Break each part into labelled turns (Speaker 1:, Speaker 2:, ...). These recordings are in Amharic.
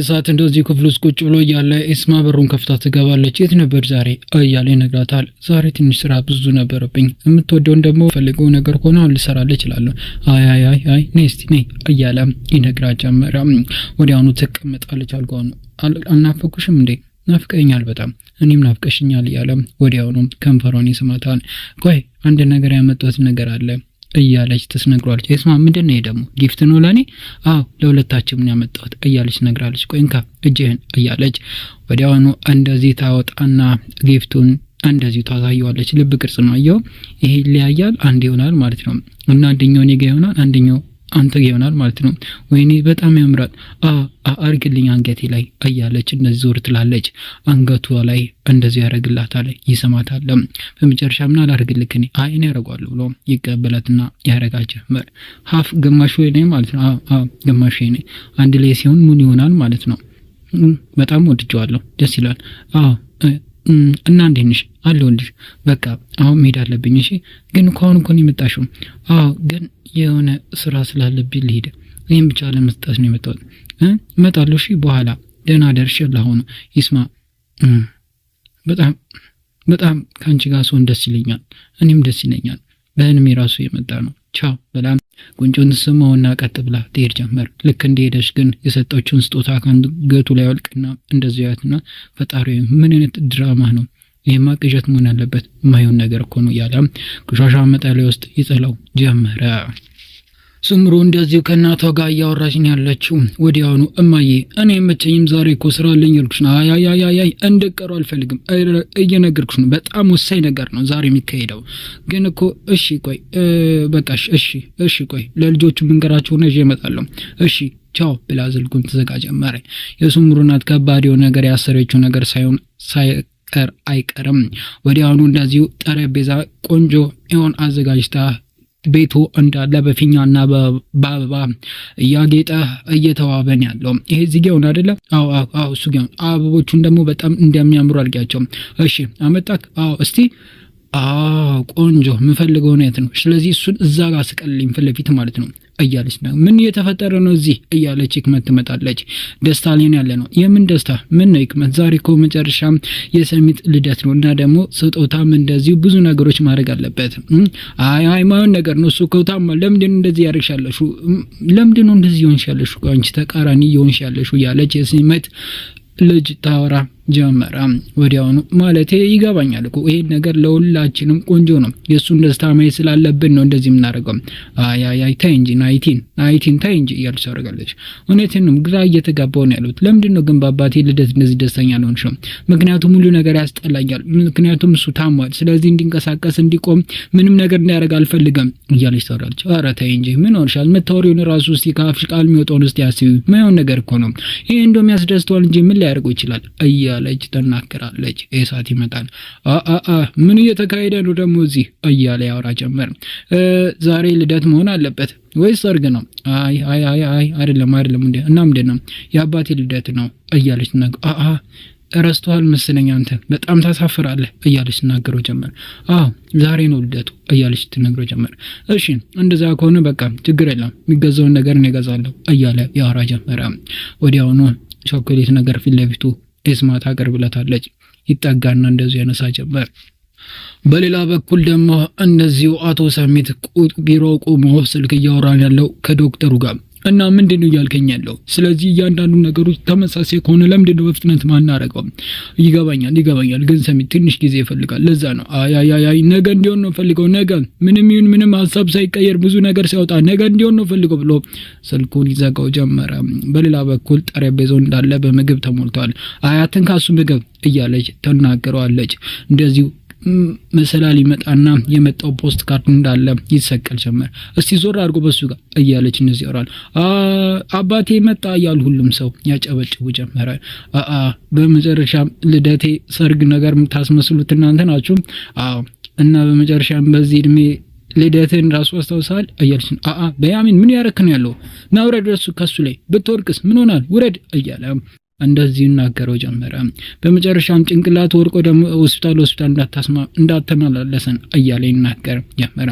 Speaker 1: እሳት እንደዚህ ክፍል ውስጥ ቁጭ ብሎ እያለ ኤስማ በሩን ከፍታ ትገባለች። የት ነበር ዛሬ እያለ ይነግራታል። ዛሬ ትንሽ ስራ ብዙ ነበረብኝ፣ የምትወደውን ደግሞ ፈልገው ነገር ከሆነ አሁን ልሰራልህ እችላለሁ። አይ አይ አይ ነይ እስቲ ነይ እያለ ይነግራ ጀመረ። ወዲያውኑ ትቀመጣለች። አልጓኑ አልናፈኩሽም እንዴ? ናፍቀኛል በጣም እኔም ናፍቀሽኛል እያለ ወዲያውኑ ከንፈሯን ይስማታል። ቆይ አንድ ነገር ያመጣት ነገር አለ እያለች ትስነግሯለች። ስማ ምንድን ነው ደግሞ ጊፍት ነው ለእኔ? አዎ ለሁለታችን ምን ያመጣሁት እያለች ነግራለች። ቆይንካ እጅህን እያለች ወዲያውኑ እንደዚህ ታወጣና ጊፍቱን እንደዚሁ ታሳየዋለች። ልብ ቅርጽ ነው አየው። ይሄ ይለያያል፣ አንድ ይሆናል ማለት ነው እና አንደኛው እኔ ጋ ይሆናል፣ አንደኛው አንተ ይሆናል ማለት ነው። ወይኔ በጣም ያምራል አርግልኝ አንገቴ ላይ እያለች እንደዚህ ዞር ትላለች። አንገቷ ላይ እንደዚህ ያደርግላታል፣ ይሰማታል። በመጨረሻ ምን አላደርግልክ እኔ አይ እኔ ያደርጓለሁ ብሎ ይቀበላትና ያደርጋል ጀመር። ሀፍ ግማሹ ወይኔ ማለት ነው፣ ግማሹ ወይኔ አንድ ላይ ሲሆን ምን ይሆናል ማለት ነው። በጣም ወድጀዋለሁ፣ ደስ ይላል። አዎ እና እንዴት ነሽ? አለሁልሽ። በቃ አሁን መሄድ አለብኝ። እሺ ግን እኮ አሁን እኮ ነው የመጣሽው? አዎ ግን የሆነ ስራ ስላለብኝ ልሄድ፣ ይህም ብቻ ለመስጠት ነው የመጣሁት። እመጣለሁ። እሺ በኋላ ደህና ደርሽ። ላሆኑ ይስማ በጣም በጣም ከአንቺ ጋር ሲሆን ደስ ይለኛል። እኔም ደስ ይለኛል። በህልሜ ራሱ የመጣ ነው። ቻው በላም ጉንጮን ስመውና ቀጥ ብላ ትሄድ ጀመር። ልክ እንደሄደች ግን የሰጠችውን ስጦታ ከአንገቱ ላይ ወልቅና እንደዚያትና ፈጣሪ ምን አይነት ድራማ ነው ይህማ ቅዠት መሆን ያለበት ማይሆን ነገር እኮ ነው እያለ ቆሻሻ መጣያ ውስጥ ይጥለው ጀመረ። ስምሩ እንደዚሁ ከእናቷ ጋር እያወራችን ያለችው ወዲያውኑ እማዬ፣ እኔ መቸኝም ዛሬ እኮ ስራ አለኝ ያልኩሽ ነው። አያያያያይ እንደቀሩ አልፈልግም። እየነገርኩሽ ነው፣ በጣም ወሳኝ ነገር ነው ዛሬ የሚካሄደው። ግን እኮ እሺ፣ ቆይ በቃሽ። እሺ፣ እሺ፣ ቆይ ለልጆቹ ምንገራቸው ሆነ ይዤ እመጣለሁ። እሺ ቻው ብላ ስልኩን ትዘጋ ጀመረ። የሱምሩ ከባድ የሆነ ነገር ያሰረችው ነገር ሳይሆን ሳይቀር አይቀርም። ወዲያውኑ እንደዚሁ ጠረጴዛ ቆንጆ ይሆን አዘጋጅታ ቤቱ እንዳለ በፊኛና በአበባ እያጌጠ እየተዋበን ያለው ይሄ ዚጌውን አደለ? አይደለም? አዎ አዎ፣ እሱ ጌውን። አበቦቹን ደግሞ በጣም እንደሚያምሩ አድርጊያቸው። እሺ አመጣክ? አዎ። እስቲ አዎ፣ ቆንጆ የምፈልገው ሁኔት ነው። ስለዚህ እሱን እዛ ጋር ስቀልልኝ ፊት ለፊት ማለት ነው። እያለች ነው። ምን እየተፈጠረ ነው እዚህ እያለች ህክመት ትመጣለች። ደስታ ላይ ያለ ነው። የምን ደስታ? ምን ነው ህክመት? ዛሬ እኮ መጨረሻም የሰሚት ልደት ነው እና ደግሞ ስጦታም እንደዚሁ ብዙ ነገሮች ማድረግ አለበት። አይ አይ ማን ነገር ነው እሱ ከውታማ ለምንድን እንደዚህ ያደርግሻለሹ? ለምንድን ነው እንደዚህ ይሆንሻለሹ? አንቺ ተቃራኒ ይሆንሻለሹ እያለች የሰሚት ልጅ ታወራ ጀመረ። ወዲያውኑ ማለት ይገባኛል እኮ ይሄን ነገር ለሁላችንም ቆንጆ ነው። የእሱን ደስታ ማየት ስላለብን ነው እንደዚህ የምናደርገው። አያያይ ታይ እንጂ ናይቲን ናይቲን ታይ እንጂ እያለች ታደርጋለች። እውነትንም ግራ እየተጋባው ነው ያሉት። ለምንድን ነው ግን በአባቴ ልደት እንደዚህ ደስተኛ ልሆንሽ ነው? ምክንያቱም ሁሉ ነገር ያስጠላኛል። ምክንያቱም እሱ ታሟል። ስለዚህ እንዲንቀሳቀስ እንዲቆም፣ ምንም ነገር እንዳያደርግ አልፈልገም እያለች ታወራለች። ኧረ ታይ እንጂ ምን ሆንሻል? የምታወሪውን ራሱ እስኪ ከአፍሽ ቃል የሚወጣውን እስኪ አስቢ። ማይሆን ነገር እኮ ነው ይሄ። እንደውም ያስደስተዋል እንጂ ምን ሊያደርገው ይችላል እያለ ትላለች፣ ትናገራለች። ኤሳት ይመጣል። ምን እየተካሄደ ነው ደግሞ እዚህ እያለ ያወራ ጀመር። ዛሬ ልደት መሆን አለበት ወይስ ሰርግ ነው? አይ አይ አይ አይ አይደለም አይደለም። እና ምንድን ነው የአባቴ ልደት ነው እያለች ነገ ረስቷል መሰለኝ አንተ በጣም ታሳፍራለህ እያለች ትናገረው ጀመር። አዎ ዛሬ ነው ልደቱ እያለች ትነግረው ጀመር። እሺ እንደዛ ከሆነ በቃ ችግር የለም የሚገዛውን ነገር እኔ እገዛለሁ እያለ ያወራ ጀመረ። ወዲያውኑ ቸኮሌት ነገር ፊት ለፊቱ ኤስማታ ታቀርብለታለች ይጠጋና እንደዚሁ ያነሳ ጀመር። በሌላ በኩል ደግሞ እነዚሁ አቶ ሳሚት ቢሮ ቆሞ ስልክ እያወራን ያለው ከዶክተሩ ጋር እና ምንድን ነው እያልከኝ ያለው? ስለዚህ እያንዳንዱ ነገሮች ተመሳሳይ ከሆነ ለምንድን ነው በፍጥነት ማናረገው? ይገባኛል ይገባኛል፣ ግን ሰሚ ትንሽ ጊዜ ይፈልጋል። ለዛ ነው አያያይ ነገ እንዲሆን ነው ፈልገው፣ ነገ ምንም ይሁን ምንም ሀሳብ ሳይቀየር ብዙ ነገር ሲያወጣ ነገ እንዲሆን ነው ፈልገው ብሎ ስልኩን ይዘጋው ጀመረ። በሌላ በኩል ጠረጴዛው እንዳለ በምግብ ተሞልቷል። አያትን ካሱ ምግብ እያለች ተናግረዋለች እንደዚሁ መሰላ ሊመጣና የመጣው ፖስት ካርድ እንዳለ ይሰቀል ጀመር። እስቲ ዞር አድርጎ በሱ ጋር እያለች እነዚህ ይወራል። አባቴ መጣ እያሉ ሁሉም ሰው ያጨበጭቡ ጀመረ። በመጨረሻ ልደቴ ሰርግ ነገር የምታስመስሉት እናንተ ናችሁ እና በመጨረሻም በዚህ እድሜ ልደትን ራሱ አስታውሳል እያለች አአ በያሚን ምን ያረክን ያለው ናውረድ ረሱ ከሱ ላይ ብትወድቅስ ምን ሆናል? ውረድ እያለ እንደዚህ ይናገረው ጀመረ። በመጨረሻም ጭንቅላት ወርቆ ደግሞ ሆስፒታል ሆስፒታል እንዳተመላለሰን እያለ ይናገር ጀመረ።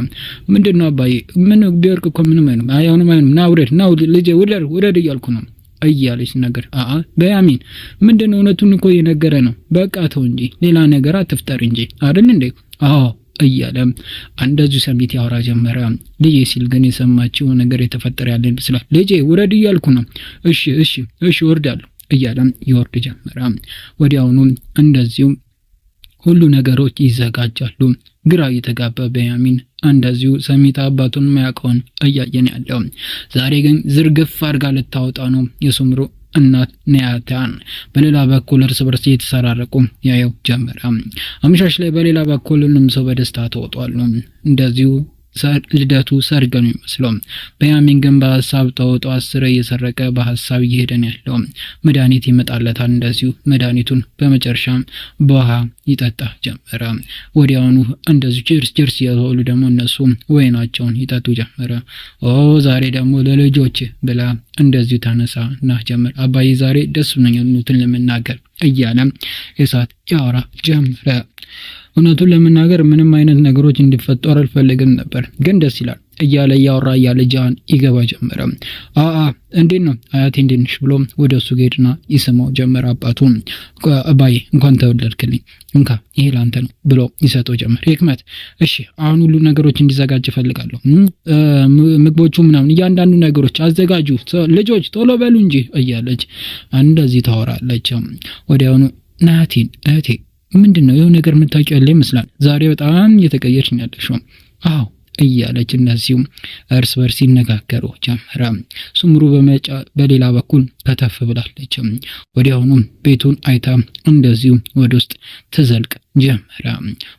Speaker 1: ምንድን ነው አባዬ፣ ምን ቢወርቅ እኮ ምንም አይሆንም፣ አይሆንም፣ አይሆንም፣ ና ውረድ፣ ና ልጄ ውረድ፣ ውደድ እያልኩ ነው እያለ ነገር አአ በያሚን ምንድን ነው እውነቱን እኮ እየነገረ ነው። በቃ ተው እንጂ ሌላ ነገር አትፍጠር እንጂ አይደል እንዴ? አዎ እያለ እንደዚሁ ሰሚት ያወራ ጀመረ። ልጄ ሲል ግን የሰማችው ነገር የተፈጠረ ያለ ይመስላል። ልጄ ውረድ እያልኩ ነው። እሺ እሺ እሺ ወርዳለሁ እያለም ይወርድ ጀመረ። ወዲያውኑ እንደዚሁ ሁሉ ነገሮች ይዘጋጃሉ። ግራ የተጋባ ቤንያሚን እንደዚሁ ሰሚታ አባቱን ማያውቀውን እያየን ያለው ዛሬ ግን ዝርግፍ አድርጋ ልታወጣ ነው የሱምሩ እናት ነያታን። በሌላ በኩል እርስ በርስ እየተሰራረቁ ያየው ጀመረ። አምሻሽ ላይ በሌላ በኩል ሁሉም ሰው በደስታ ተወጧሉ። እንደዚሁ ልደቱ ሰርግ ነው የሚመስለው። በያሚን ግን በሀሳብ ተውጦ አስረ እየሰረቀ በሀሳብ እየሄደን ያለው። መድኃኒት ይመጣለታል። እንደዚሁ መድኃኒቱን በመጨረሻ በውሃ ይጠጣ ጀመረ። ወዲያውኑ እንደዚሁ ጭርስ ጭርስ እየተወሉ ደግሞ እነሱ ወይናቸውን ይጠጡ ጀመረ። ኦ ዛሬ ደግሞ ለልጆች ብላ እንደዚሁ ተነሳ ና ጀምር አባዬ ዛሬ ደስ ብሎኛል እውነቱን ለመናገር እያለም እሳት ያወራ ጀምረ። እውነቱን ለመናገር ምንም አይነት ነገሮች እንዲፈጠሩ አልፈልግም ነበር፣ ግን ደስ ይላል እያለ እያወራ እያለ ጃን ይገባ ጀመረ። አአ እንዴት ነው አያቴ እንዴት ነሽ ብሎ ወደ እሱ ጌድና ይስመው ጀመረ። አባቱን አባይ እንኳን ተወለድክልኝ እንካ ይሄ ላንተ ነው ብሎ ይሰጠው ጀመር። ህክመት እሺ አሁን ሁሉ ነገሮች እንዲዘጋጅ እፈልጋለሁ። ምግቦቹ ምናምን እያንዳንዱ ነገሮች አዘጋጁ ልጆች ቶሎ በሉ እንጂ እያለች እንደዚህ ታወራለች። ወዲያውኑ ናቲን እህቴ ምንድን ነው ይኸው ነገር የምታውቂው ያለ ይመስላል። ዛሬ በጣም እየተቀየርሽ ነው ያለሽው። አዎ እያለች እነዚሁም እርስ በርስ ይነጋገሩ ጀመረ። ስምሩ በሌላ በኩል ከተፍ ብላለች። ወዲያውኑም ቤቱን አይታ እንደዚሁ ወደ ውስጥ ትዘልቅ ጀመረ።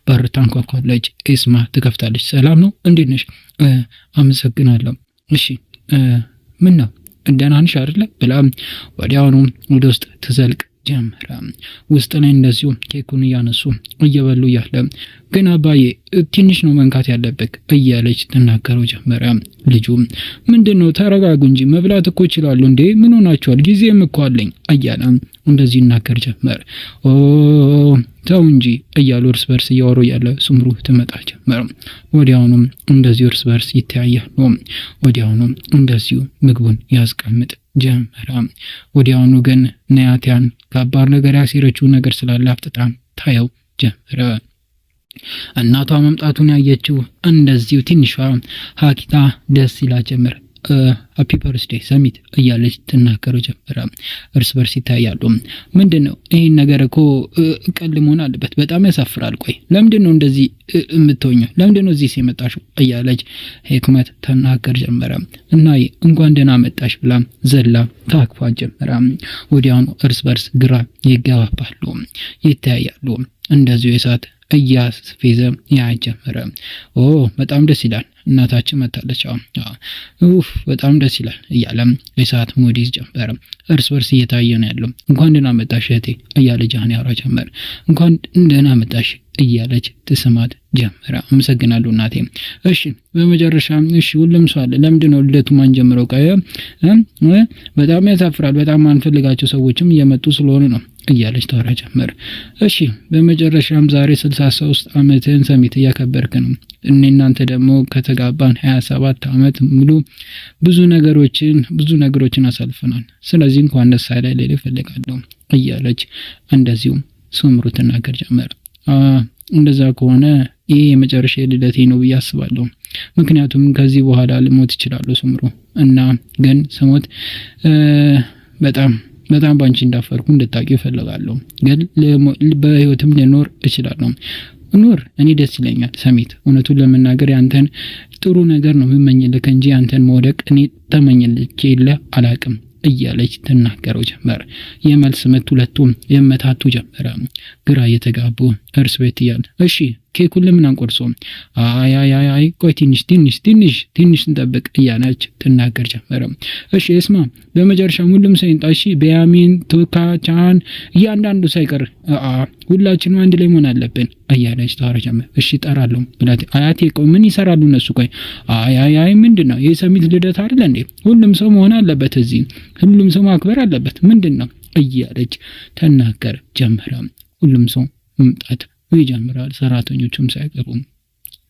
Speaker 1: በር ታንኳኳለች። ኤስማ ትከፍታለች። ሰላም ነው? እንዴት ነሽ? አመሰግናለሁ። እሺ ምን ነው ደህና ነሽ አይደለ? ብላ ወዲያውኑ ወደ ውስጥ ትዘልቅ ጀመረ። ውስጥ ላይ እንደዚሁ ኬኩን እያነሱ እየበሉ እያለ ግን አባዬ ትንሽ ነው መንካት ያለበት እያለች ትናገረው ጀመረ። ልጁ ምንድን ነው ተረጋጉ እንጂ መብላት እኮ ይችላሉ እንዴ ምን ሆናችኋል? ጊዜም እኮ አለኝ እያለ እንደዚህ ይናገር ጀመር። ኦ ተው እንጂ እያሉ እርስ በርስ እያወሩ ያለ ሱምሩ ትመጣ ጀመር። ወዲያውኑም እንደዚሁ እርስ በርስ ይተያያሉ። ወዲያውኑም እንደዚሁ ምግቡን ያስቀምጥ ጀመረ። ወዲያውኑ ግን ናያቲያን ከባድ ነገር ያሴረችው ነገር ስላለ አፍጥጣ ታየው ጀመረ። እናቷ መምጣቱን ያየችው እንደዚሁ ትንሿ ሀኪታ ደስ ይላ ጀመር። ሀፒ በርስዴ ሰሚት እያለች ትናገሩ ጀመረ። እርስ በርስ ይታያሉ። ምንድን ነው ይህን ነገር እኮ ቀል መሆን አለበት። በጣም ያሳፍራል። ቆይ ለምንድን ነው እንደዚህ የምትሆኘው? ለምንድን ነው እዚህ የመጣሽ? እያለች ህክመት ተናገር ጀመረ እና እንኳን ደህና መጣሽ ብላ ዘላ ታክፋ ጀመረ። ወዲያውኑ እርስ በርስ ግራ ይገባባሉ፣ ይተያያሉ። እንደዚሁ የሳት እያስፌዘ ያጀመረ። ኦ በጣም ደስ ይላል፣ እናታችን መታለች፣ ኡፍ በጣም ደስ ይላል እያለም የሰዓት ሞዲዝ ጀመረ። እርስ በርስ እየታየ ነው ያለው። እንኳን ደህና መጣሽ እህቴ እያለ ጃህን ያራ ጀመር። እንኳን ደህና መጣሽ እያለች ትስማት ጀመረ። አመሰግናለሁ እናቴ። እሺ በመጨረሻ እሺ፣ ሁሉም ሰው አለ። ለምንድን ነው ልደቱ ማን ጀምረው? በጣም ያሳፍራል። በጣም አንፈልጋቸው ሰዎችም እየመጡ ስለሆኑ ነው እያለች ታወራ ጀመር። እሺ በመጨረሻም ዛሬ 63 ሶስት ሰሚት እያከበርክ ነው። እኔ እናንተ ደግሞ ከተጋባን 27 ሰባት ዓመት ሙሉ ብዙ ነገሮችን ብዙ ነገሮችን አሳልፈናል። ስለዚህ እንኳን ደስ አለህ ልልህ እፈልጋለሁ እያለች እንደዚሁም ሱምሩ ትናገር ጀመር። እንደዛ ከሆነ ይህ የመጨረሻ ልደቴ ነው ብዬ አስባለሁ። ምክንያቱም ከዚህ በኋላ ልሞት ይችላሉ ሱምሩ እና ግን ስሞት በጣም በጣም ባንቺ እንዳፈርኩ እንድታቂ እፈልጋለሁ። ግን በህይወትም ልኖር እችላለሁ። ኑር፣ እኔ ደስ ይለኛል። ሰሚት፣ እውነቱን ለመናገር ያንተን ጥሩ ነገር ነው የምመኝልህ እንጂ ያንተን መውደቅ እኔ ተመኝልህ የለ አላቅም እያለች ትናገረው ጀመር። የመልስ ምት ሁለቱም የመታቱ ጀመረ። ግራ እየተጋቡ እርስ ቤት እያለ እሺ ኬኩን ለምን አንቆርሶም? አይ አይ አይ አይ ቆይ ትንሽ ትንሽ ትንሽ ትንሽ እንጠብቅ እያለች ትናገር ጀመረ። እሺ እስማ፣ በመጨረሻም ሁሉም ሳይንጣ እሺ፣ ቱካ ቱካቻን፣ እያንዳንዱ ሳይቀር ሁላችንም አንድ ላይ መሆን አለብን እያለች ታወራ ጀመረ። እሺ እጠራለሁ ብላት፣ አያቴ ቆይ ምን ይሰራሉ እነሱ? ቆይ አይ አይ አይ ምንድን ነው የሰሚት ልደት አይደል እንዴ? ሁሉም ሰው መሆን አለበት እዚህ፣ ሁሉም ሰው ማክበር አለበት ምንድን ነው እያለች ተናገር ጀመረ። ሁሉም ሰው መምጣት ይጀምራል። ሰራተኞቹም ሳይቀሩም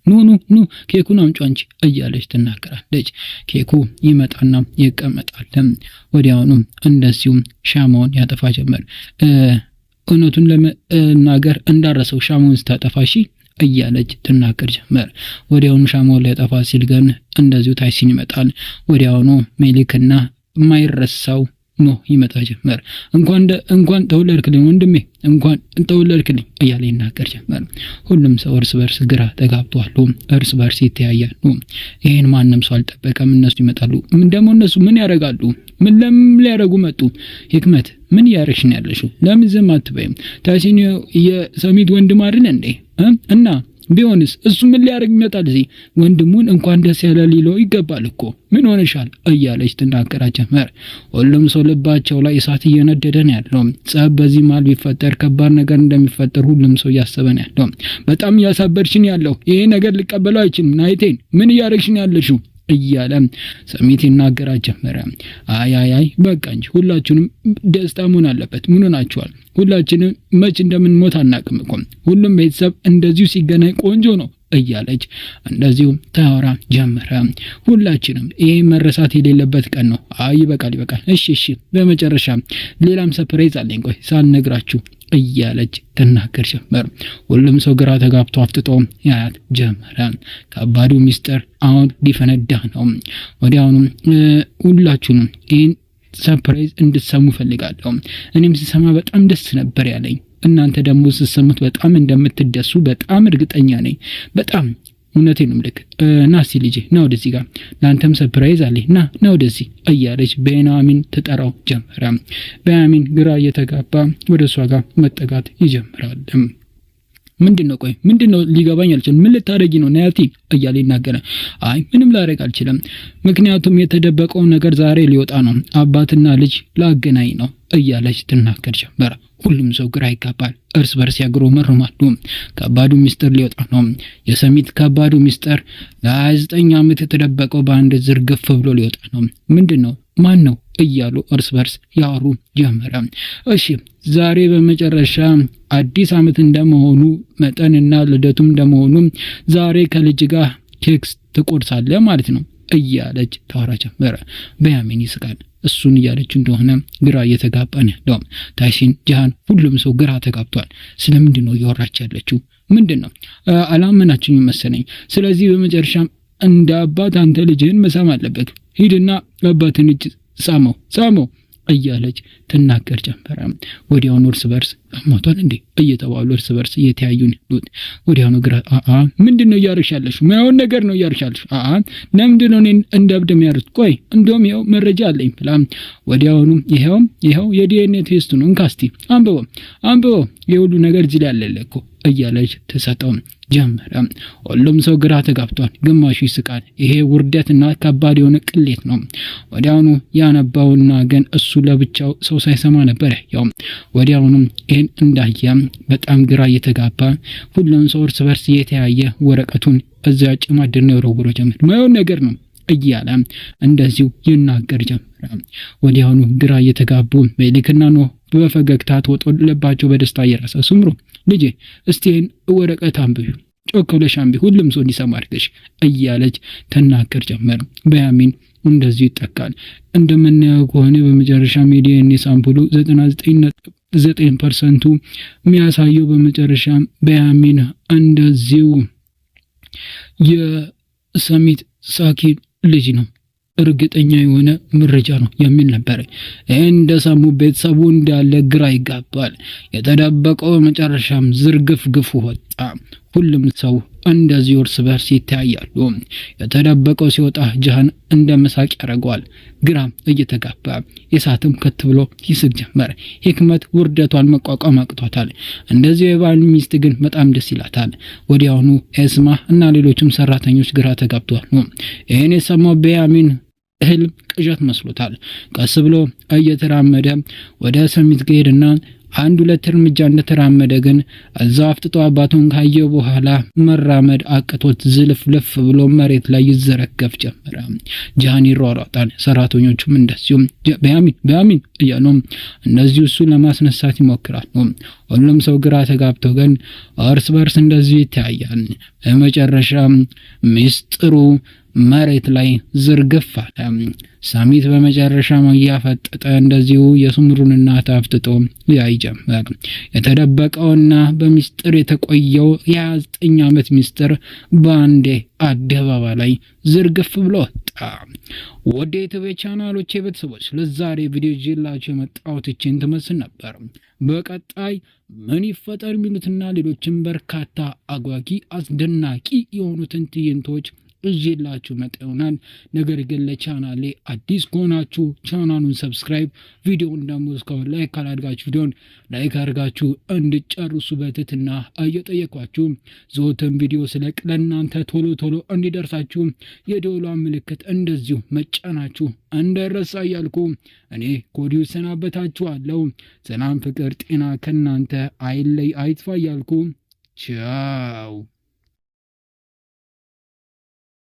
Speaker 1: ኑ ኑ ኑ ኬኩን አምጪ አንቺ እያለች ትናገራለች። ኬኩ ይመጣና ይቀመጣል። ወዲያውኑ እንደዚሁ ሻማውን ያጠፋ ጀመር። እውነቱን ለመናገር እንዳረሰው ሻማውን ስታጠፋ ሺ እያለች ትናገር ጀመር። ወዲያውኑ ሻማውን ሊያጠፋ ሲል ግን እንደዚሁ ታይሲን ይመጣል። ወዲያውኑ ሜሊክና ማይረሳው ኖ ይመጣ ጀመር። እንኳን እንኳን ተወለድክልኝ ወንድሜ እንኳን ተወለድክልኝ እያለ ይናገር ጀመር። ሁሉም ሰው እርስ በርስ ግራ ተጋብቷሉ፣ እርስ በርስ ይተያያሉ። ይሄን ማንም ሰው አልጠበቀም። እነሱ ይመጣሉ። ምን ደግሞ እነሱ ምን ያደርጋሉ? ምን ለም ሊያደርጉ መጡ? ህክመት ምን እያደረግሽ ነው ያለሽው? ለምን ዝም አትበይም? ታሲኒ የሰሚት ወንድም አይደል እንዴ እና ቢሆንስ እሱ ምን ሊያደርግ ይመጣል? እዚህ ወንድሙን እንኳን ደስ ያለ ሊለው ይገባል እኮ ምን ሆነሻል? እያለች ትናገራ ጀመር። ሁሉም ሰው ልባቸው ላይ እሳት እየነደደ ነው ያለው። ጸብ በዚህ መሃል ቢፈጠር ከባድ ነገር እንደሚፈጠር ሁሉም ሰው እያሰበ ነው ያለው። በጣም እያሳበድሽን ያለው ይሄ ነገር ልቀበለው አይችልም። ናይቴን ምን እያደረግሽን ያለሽው እያለ ሰሚት ይናገራት ጀመረ። አይ አይ አይ በቃ እንጂ ሁላችሁንም ደስታ መሆን አለበት። ምን ሆናችኋል? ሁላችንም መች እንደምንሞት አናቅም እኮ ሁሉም ቤተሰብ እንደዚሁ ሲገናኝ ቆንጆ ነው እያለች እንደዚሁ ታወራ ጀመረ። ሁላችንም ይሄ መረሳት የሌለበት ቀን ነው። አይ ይበቃል ይበቃል። እሺ እሺ፣ በመጨረሻ ሌላም ሰፕራይዝ አለኝ። ቆይ ሳልነግራችሁ እያለች ትናገር ጀመር። ሁሉም ሰው ግራ ተጋብቶ አፍጥጦ ያያት ጀመረ። ከባዱ ሚስጥር አሁን ሊፈነዳ ነው። ወዲያውኑ ሁላችሁንም ይህን ሰርፕራይዝ እንድትሰሙ ፈልጋለሁ። እኔም ስሰማ በጣም ደስ ነበር ያለኝ። እናንተ ደግሞ ስትሰሙት በጣም እንደምትደሱ በጣም እርግጠኛ ነኝ። በጣም እውነቴ ነው ምልክ እና እስቲ ልጄ ና ወደዚህ ጋር ለአንተም ሰፕራይዝ አለ ና ና ወደዚህ እያለች ቤንያሚን ትጠራው ጀመረ። ቤንያሚን ግራ እየተጋባ ወደ እሷ ጋር መጠጋት ይጀምራል። ምንድን ነው ቆይ ምንድን ነው ሊገባኝ አልችል ምን ልታደረጊ ነው ናቲ እያለ ይናገረ አይ ምንም ላደርግ አልችልም ምክንያቱም የተደበቀው ነገር ዛሬ ሊወጣ ነው አባትና ልጅ ላገናኝ ነው እያለች ትናገር ጀመረ ሁሉም ሰው ግራ ይጋባል። እርስ በርስ ያጉረመርማሉ። ከባዱ ሚስጥር ሊወጣ ነው። የሰሚት ከባዱ ሚስጥር ለ29 ዓመት የተደበቀው በአንድ ዝርግፍ ብሎ ሊወጣ ነው። ምንድን ነው? ማን ነው? እያሉ እርስ በርስ ያወሩ ጀመረ። እሺ ዛሬ በመጨረሻ አዲስ ዓመት እንደመሆኑ መጠንና ልደቱም እንደመሆኑ ዛሬ ከልጅ ጋር ኬክስ ትቆርሳለህ ማለት ነው። እያለች ታወራ ጀመረ። በያሚን ይስቃል። እሱን እያለች እንደሆነ ግራ እየተጋባ ነው ያለው። ታይሲን፣ ጃሃን፣ ሁሉም ሰው ግራ ተጋብቷል። ስለምንድን ነው እያወራች ያለችው? ምንድን ነው አላመናችኝም መሰለኝ። ስለዚህ በመጨረሻም እንደ አባት አንተ ልጅህን መሳም አለበት። ሂድና አባትን እጅ ሳመው፣ ሳመው እያለች ትናገር ጀመረ። ወዲያውኑ እርስ በርስ ሞቷል እንዴ እየተባሉ እርስ በርስ እየተያዩን ሉት ወዲያውኑ ግራ ምንድን ነው እያርሻለሽ? ማየውን ነገር ነው እያርሻለሽ? አአ ለምንድን ነው እኔን እንደ እብድ የሚያርት? ቆይ እንደውም ይኸው መረጃ አለኝ ብላ ወዲያውኑ ይኸው ይኸው የዲኤንኤ ቴስቱ ነው እንካስቲ አንብቦ አንብቦ የሁሉ ነገር እዚህ ላይ አለለ እኮ እያለች ተሰጠው። ጀመረ። ሁሉም ሰው ግራ ተጋብቷል። ግማሹ ይስቃል። ይሄ ውርደትና ከባድ የሆነ ቅሌት ነው። ወዲያውኑ ያነባውና ግን እሱ ለብቻው ሰው ሳይሰማ ነበር ያው ወዲያውኑም ይህን እንዳየ በጣም ግራ እየተጋባ ሁሉም ሰው እርስ በርስ እየተያየ ወረቀቱን እዚያ ጭማድር ነው የወረወረ ጀመር። ማየውን ነገር ነው እያለ እንደዚሁ ይናገር ጀመረ። ወዲያውኑ ግራ እየተጋቡ ሜሊክና ኖህ በፈገግታ ተወጦ ልባቸው በደስታ እየረሰ ስምሩ ልጄ እስቲህን ወረቀት አንብቢ ጮክ ብለሽ አንቢ ሁሉም ሰው እንዲሰማ አድርገሽ እያለች ተናገር ጀመር። በያሚን እንደዚሁ ይጠቃል። እንደምናየው ከሆነ በመጨረሻ ኔ ሳምፕሉ 99.9 ፐርሰንቱ የሚያሳየው በመጨረሻ በያሚን እንደዚሁ የሰሚት ሳኪን ልጅ ነው። እርግጠኛ የሆነ መረጃ ነው የሚል ነበር። ይህ እንደሰሙ ቤተሰቡ እንዳለ ግራ ይጋባል። የተደበቀው መጨረሻም ዝርግፍግፍ ወጣ። ሁሉም ሰው እንደዚህ እርስ በርስ ይተያያሉ። የተደበቀው ሲወጣ ጃሃን እንደ መሳቅ ያደርገዋል። ግራም እየተጋባ የሳትም ከት ብሎ ይስቅ ጀመር። ህክመት ውርደቷን መቋቋም አቅቷታል። እንደዚሁ የባል ሚስት ግን በጣም ደስ ይላታል። ወዲያውኑ ኤስማ እና ሌሎችም ሰራተኞች ግራ ተጋብተዋል። ይህን የሰማው ቤያሚን እህል ቅዠት መስሎታል። ቀስ ብሎ እየተራመደ ወደ ሰሚት ገሄድና አንድ ሁለት እርምጃ እንደተራመደ ግን እዛው አፍጥጦ አባቱን ካየ በኋላ መራመድ አቅቶት ዝልፍልፍ ብሎ መሬት ላይ ይዘረገፍ ጀመረ። ጃኒ ሯሯጣን፣ ሰራተኞቹም እንደዚሁ ቢያሚን ቢያሚን እያሉ እነዚሁ እሱ ለማስነሳት ይሞክራሉ። ሁሉም ሰው ግራ ተጋብቶ ግን እርስ በርስ እንደዚሁ ይተያያል። በመጨረሻ ሚስጥሩ መሬት ላይ ዝርግፍ አለ። ሳሚት በመጨረሻ እያፈጠጠ እንደዚሁ የሱምሩንና ታፍጥጦ ያይ ጀመር። የተደበቀውና በሚስጥር የተቆየው የ ዓመት ሚስጥር በአንዴ አደባባይ ላይ ዝርግፍ ብሎ ወጣ። ወዴት ቻናሎቼ ቤተሰቦች ለዛሬ ቪዲዮ ጅላቸው የመጣሁት ይችን ትመስል ነበር። በቀጣይ ምን ይፈጠር የሚሉትና ሌሎችን በርካታ አጓጊ አስደናቂ የሆኑትን ትዕይንቶች እዤላችሁ መጣ ይሆናል። ነገር ግን ለቻናሌ አዲስ ከሆናችሁ ቻናሉን ሰብስክራይብ፣ ቪዲዮውን ደግሞ እስካሁን ላይክ ካላድጋችሁ ቪዲዮን ላይክ አድርጋችሁ እንድጨርሱ በትትና እየጠየኳችሁ ዘወትም ቪዲዮ ስለቅ ለእናንተ ቶሎ ቶሎ እንዲደርሳችሁ የደወሏን ምልክት እንደዚሁ መጫናችሁ እንዳይረሳ እያልኩ እኔ ከወዲሁ እሰናበታችኋለሁ። ሰላም፣ ፍቅር፣ ጤና ከእናንተ አይለይ አይጥፋ እያልኩ ቻው።